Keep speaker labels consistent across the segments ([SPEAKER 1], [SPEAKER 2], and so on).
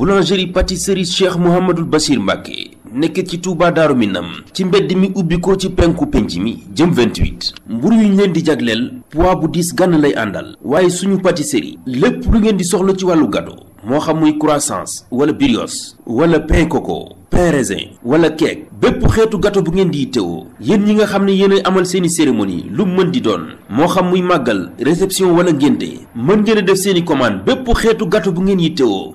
[SPEAKER 1] boulangerie pâtisserie cheikh mouhamadul basir mbàkke nekk ci Touba Daaru Minam ci mbedd mi ubbi ko ci penku penc mi jëm 28 mburu yu ñu leen di jagleel poids bu diis gànn lay àndal waaye suñu pâtisserie lépp lu ngeen di soxla ci wàllu gâteau moo xam muy croissants wala brioche wala pain coco pain raisin wala cake bépp xeetu gato bu ngeen di yittewoo yéen ñi nga xam ne yéen amal seeni cérémonie lu mën di doon moo xam muy màggal réception wala ngénte mën ngeen a def seeni commande bépp xeetu gâteau bu ngeen yittewoo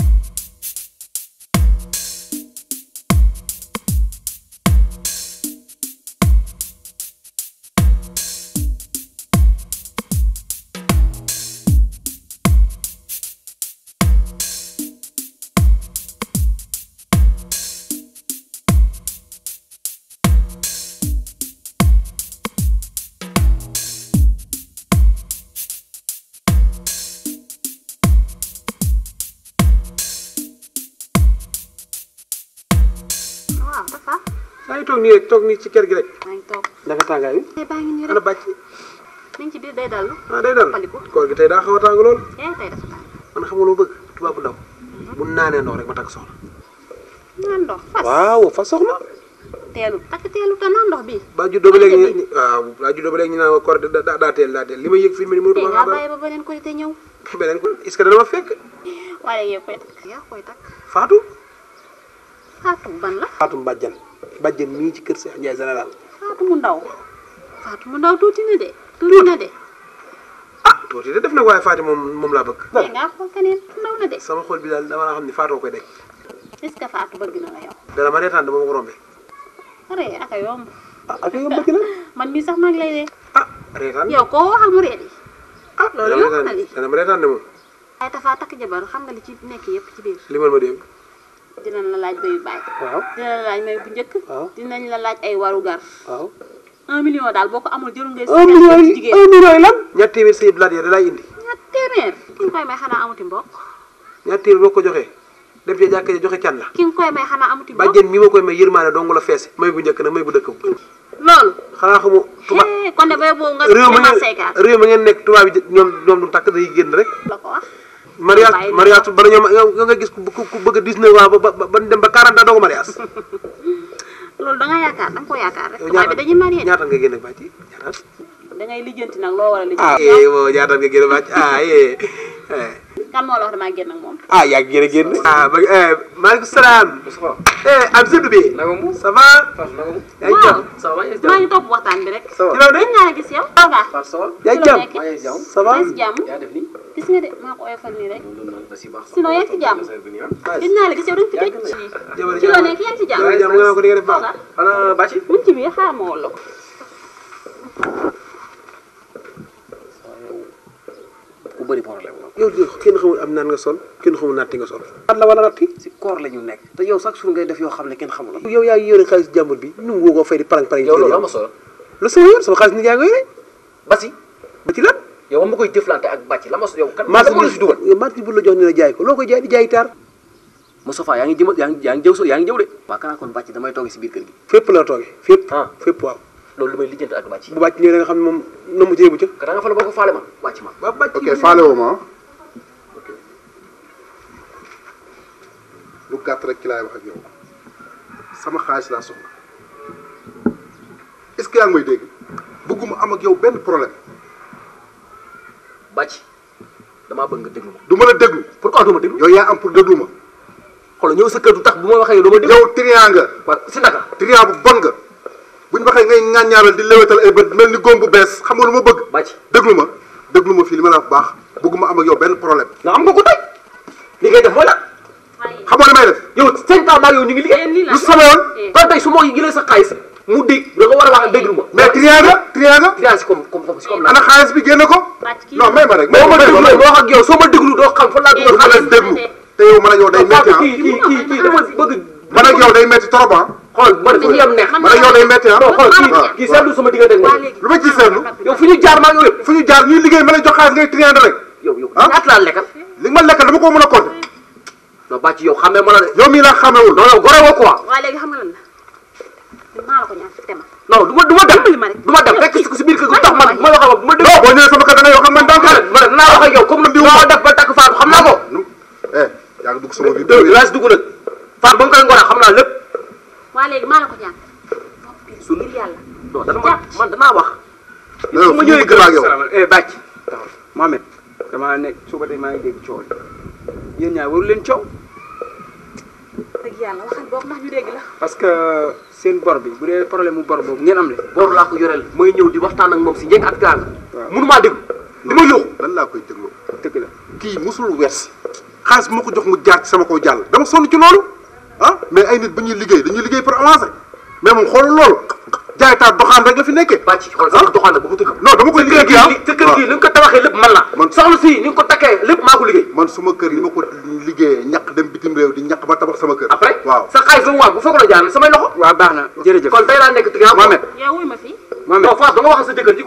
[SPEAKER 2] xam nga fa.
[SPEAKER 3] maa toog nii rek toog nii ci kër gi rek. maa
[SPEAKER 2] ngi toog
[SPEAKER 4] naka tàngaay bi. tey baa ngi nii rek ana bàcc.
[SPEAKER 2] ci biir day dal. ah day dal
[SPEAKER 4] koor gi tey daa xaw a tàng lool. eh tey dafa man xam nga bëgg tubaab bu ndaw. bu naanee ndox rek ma takk soxna.
[SPEAKER 2] naan ndox fas waaw fas soxna. teelu takk teelu te naan ndox bi.
[SPEAKER 4] ba juddoo ba léegi waaw ba juddoo ba léegi ñu naan koor daa teel daa teel li ma yëg fi mu ne nii. nga ba
[SPEAKER 2] beneen ko te ñëw.
[SPEAKER 4] beneen ko est-ce que ma fekk.
[SPEAKER 2] waaye yow koy takk
[SPEAKER 4] yaa
[SPEAKER 2] Fatou ban la.
[SPEAKER 4] Fatou Mbadiane Mbadiane mii ci kër Cheikh Ndiaye général.
[SPEAKER 2] Fatou mu ndaw Fatou mu ndaw tuuti na de tuuti na de.
[SPEAKER 4] ah tuuti de def na waaye Fatou moom moom laa bëgg.
[SPEAKER 2] dëgg nga xool de.
[SPEAKER 4] sama xol bi daal dama xam ne Fatou koy dekk.
[SPEAKER 2] est-ce que Fatou bëgg ree aka yomb. ah aka yomb bëgg na. man mi sax maa ngi lay dee. ah reetaan yow koo waxal mu reeti. ah loolu yomb na reetaan de moom. ay tafa takk jabar xam nga li ci nekk yëpp ci biir. limal ma dégg. dinañ la laaj bayu baay. waaw dinañ la laaj may bu njëkk. dinañ la laaj ay warugar. waaw un million daal boo ko amul jëru ngay. un million yi un million yi
[SPEAKER 4] lan. ñaar téeméer sëñ Bladé da lay indi.
[SPEAKER 2] koy may xanaa amuti mbokk.
[SPEAKER 4] ñaar téeméer boo ko joxee def ca jàkka joxe can la. ki
[SPEAKER 2] nga koy may xanaa amuti mbokk bàjjen
[SPEAKER 4] mi ma koy may yërmaane dong la fees may bu njëkk nag may bu dëkk bu. loolu. xanaa xamu tubaab
[SPEAKER 2] kon de bay boobu nga. réew ma ngeen réew
[SPEAKER 4] ma ngeen nekk tubaab yi ñoom ñoom du takk day génn rek. la mariage mariage bala ñoom nga gis ku bëgg a 19 ans ba ba dem ba 40 ans doo ko mariage.
[SPEAKER 2] loolu da nga yaakaar da nga ko yaakaar rek. waaye dañuy marié ñaata
[SPEAKER 4] nga génne bàcc ñaata.
[SPEAKER 2] da ngay lijjanti nag loo war a lijjanti. ah
[SPEAKER 4] eh ñaata nga génne bàcc ah eh, eh. la
[SPEAKER 2] wax damaa ma
[SPEAKER 4] ah, ah, eh, maaleykum salaam. eh am sëñ bi. ça va.
[SPEAKER 2] waaw gis nga de maa ko oyofal nii rek sinon yaa ngi ci jàmm gis naa la gis yow dañ fi
[SPEAKER 4] toj
[SPEAKER 1] ci loo nekk yaa ngi ci jàmm
[SPEAKER 2] xanaa bàcc buñ ci biir xaaral ma wala ko
[SPEAKER 4] ku bëri problème yow la si koor ñu nekk te yow sax suur ngay def yoo xam ne kenn xamul yow yaa ngi yore xaalis jàmbur bi nu mu woo ko fay di parang parang loolu am solo lu sama yor xaalis nit yaa basi ba la yow ma koy jëflante ak bàcc la ma yow kan ma ko fi dugal loo koy jaay di jaay taar Moustapha yaa ngi jëma yaa ngi yaa ngi jëw so yaa ngi jëw de waaw kanaa kon bàcc damay tooge si biir kër gi fépp la tooge fépp ah fépp waaw loolu lu may lijjanti ak bàcc bu bàcc ñëwee nga xam ne moom na bu ca ka da nga fale boo ko faale ma bàcc ok faale woo ma lu gàtt rek ci laay wax ak yow sama xaalis laa soxla est yaa ngi may dégg bëgguma am ak yow benn problème bàcc damaa bëgg nga déglu ma. du ma la déglu. pourquoi du ma déglu. yow yaa am pour déglu ma. xoolal ñëw sa kër du tax bu ma waxee yow doo ma déglu. yow triant nga. waaw si naka. triant bu bon nga. buñ waxee ngay ñaan-ñaaral di lewetal ay bët mel ni góom bu bees xam nga lu ma bëgg. bàcc déglu ma déglu ma fii li ma la wax bu baax bëgguma am ak yow benn problème. nga am nga ko tey li ngay def mooy la. xam nga li may def. yow cinq ans maa yow ñu ngi liggéey. lu sama yoon. kon tey su ma jëlee sa xaalis mu dégg da nga war a wax déglu ma. mais triant nga triant nga. triant si comme comme si comme ana xaalis bi génn ko non même rek. mais ma déglu ma wax ak yow soo ma déglu doo xam fa laa dugg eh, a xale déglu te yow man ak yow day métti ah kii kii kii bëgg man ak yow day métti trop ah xool man fu ñu yem neex man ak yow day métti ah xool kii seetlu sama diggante lu ma ciy seetlu yow fu ñu jaar maa ngi yëpp fu ñu jaar ñuy liggéey ma lay jox xaalis ngay triande rek yow yow ah? at laa lekkal li ma lekkal dama ko mën a compter non bàcc yow xamee ma la de yow mii laa xamewul non yow gore woo quoi
[SPEAKER 2] waaw léegi xam nga lan la maa la ko ñaan si tema
[SPEAKER 4] non du ma du ma dem du ma dem rek si biir kër gi tax man ma wax ak ma dégg. non boo ñëwee sama kër da ngay wax ak man donc. ma ne naa wax ak yow comme ni mu def ba takk Fatou xam naa ko. eh yaa ma dugg sama biir dégg laa si dugg nag
[SPEAKER 3] Fatou ba mu koy ngor xam naa lépp.
[SPEAKER 2] waa maa la ko ñaan. su ngir yàlla.
[SPEAKER 3] non dama man damaa wax. su ma eh, damaa nekk suba tey maa ngi dégg coow yéen ñaar waru
[SPEAKER 2] dëgg yàlla waxal
[SPEAKER 3] parce que seen bor bi bu dee problème mu bor boobu ngeen am le
[SPEAKER 4] laa ko yoreel mooy ñëw di waxtaan ak moom si njëkk ak gaal. waaw mënumaa déglu dama yóoxu. lan laa koy dégloo dëgg la kii musul wersi xaalis bi ma ko jox mu jaar ci sama kaw jàll dama sonn ci loolu ah, mais ay nit bu ñuy liggéey dañuy liggéey pour avancer mais moom xoolul loolu jaaytaat doxaan rek la fi nekkee. waa doxaan nag bu ko tëgg. non dama koy liggéey ah te kër gi ah. ni nga ma ko liggéeyee ñaq dem bitim réew di ñaq ba tabax sama kër.
[SPEAKER 3] après waaw sa xaalis ba mu wax bu fekkoon a jaar samay loxo. waaw ma fi. Mohamed non Fass dama wax sa jëkkër ji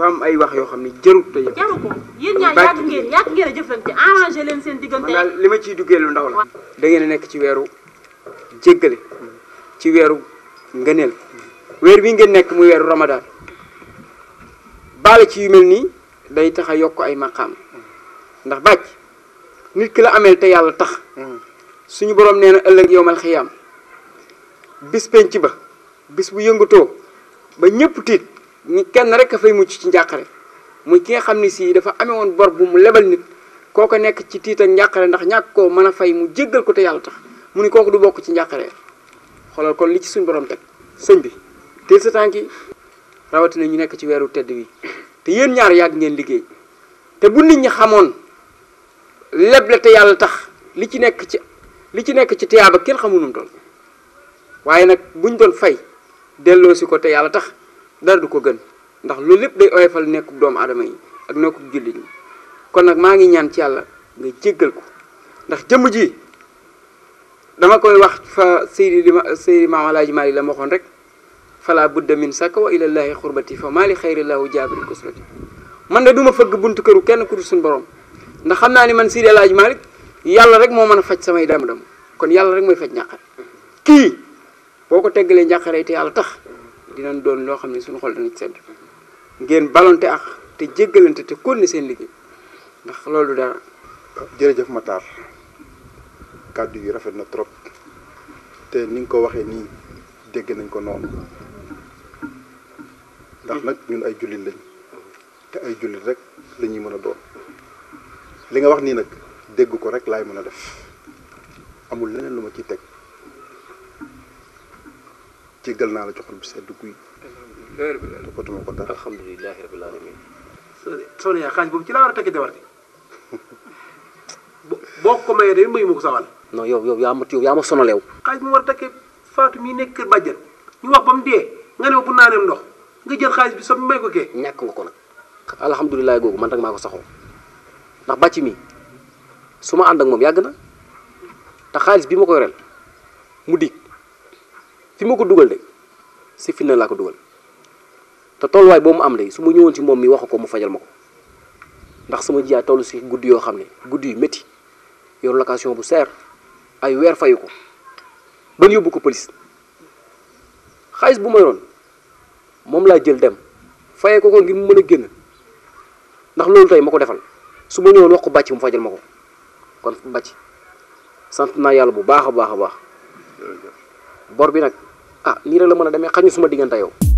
[SPEAKER 3] am ay wax yoo xam ne jarut te yëpp. jaru ko
[SPEAKER 2] yéen a jëflante arrangé leen seen diggante. man
[SPEAKER 3] li ma ciy duggee lu ndaw la. da ngeen a nekk ci weeru jéggale ci weeru ngëneel weer wi ngeen nekk muy weeru ramadaan baale ci yu mel nii day tax a yokk ay maqaam ndax bàcc nit ki la ameel te yàlla tax hmm. suñu borom nee na ëllëg yowmal xiyaam bis penc ba bis bu yëngatoo ba ñëpp tiit kenn rekk a fay mucc ci njàqare muy ki nga xam ni sii dafa amee woon bor bu mu lebal nit kooko nekk ci tiital ak njàqare ndax ñàkk koo mën a fay mu jëggal ko te yàlla tax mu ne kooku du bokk ci njàqare xoolal kon li ci suñu borom teg sëñ bi teel sa tànk rawatina ñu nekk ci weeru tedd wi te yéen ñaar yàgg ngeen liggéey te bu nit ñi xamoon leble te yàlla tax li ci nekk ci li ci nekk ci tiyaaba kenn xamul nu mu waaye nag buñ doon fay delloo si ko te yàlla tax dara du ko gën ndax loolu lépp day oyofal nekkub doomu adama yi ak nekkub jullit ñi kon nag maa ngi ñaan ci yàlla nga jéggal ko ndax jëmm ji dama koy wax fa Seydi Seydi Maam Alaaji Maalik la ma waxoon rek fala budda min saka wa ilallahi xurbati fa maa li xayrillahu jaabiri kusrati man de duma fëgg buntu këru kenn ku dul suñ borom ndax xam naa ni man si El Hadj Malick yàlla rek moo mën a faj samay dama dam kon yàlla rek mooy faj njàqare kii boo ko teggalee njàqare te yàlla tax dinañ doon loo xam ne suñu xol dana ci sedd ngeen balonte ax te jéggalante te kon seen liggéey ndax loolu dara jërëjëf Matar kàddu yi rafet na trop
[SPEAKER 4] te ni nga ko waxee nii dégg nañ ko noonu ndax nag ñun ay jullit lañ te ay jullit rek la ñuy mën a doon li nga wax nii nag dégg ko rek laay mën a def amul leneen lu ma ciy teg jéggal naa la joxol bi sedd guy toppatuma ko dara alhamdulilahi ci laa war a tekki jabar ji boo ko mayee de mayu ko sawal non yow yow yaa ma yow yaa ma sonalew xaaj mu war a tekki Fatou mii nekk kër bàjjen ñu wax ba mu dee nga ne ma bu naaneem ndox nga jël bi sa may ko kee. ñàkk nga ko nag alhamdulilah googu man rek maa ko saxoo ndax bàcc mi su ma ànd ak moom yàgg na te xaalis bi ma ko yoreel mu dig fi ma ko dugal de si fi na laa ko dugal te tolluwaay boo mu am de su ma ñëwoon ci moom mi wax ko mu fajal ma ko ndax sama jiyaay toll si guddi yoo xam ne guddi yu métti yor location bu seer ay weer fayu ko ban yóbbu ko police xaalis bu ma yoroon. moom laa jël dem fayee ko ko ngir mu mën a génn ndax loolu tey ma ko defal su ma ñëwoon wax ko bàcc mu fajal ma ko kon bàcc sant naa yàlla bu baax a baax a baax bor bi nag ah nii la mën a demee xañu suma diggante yow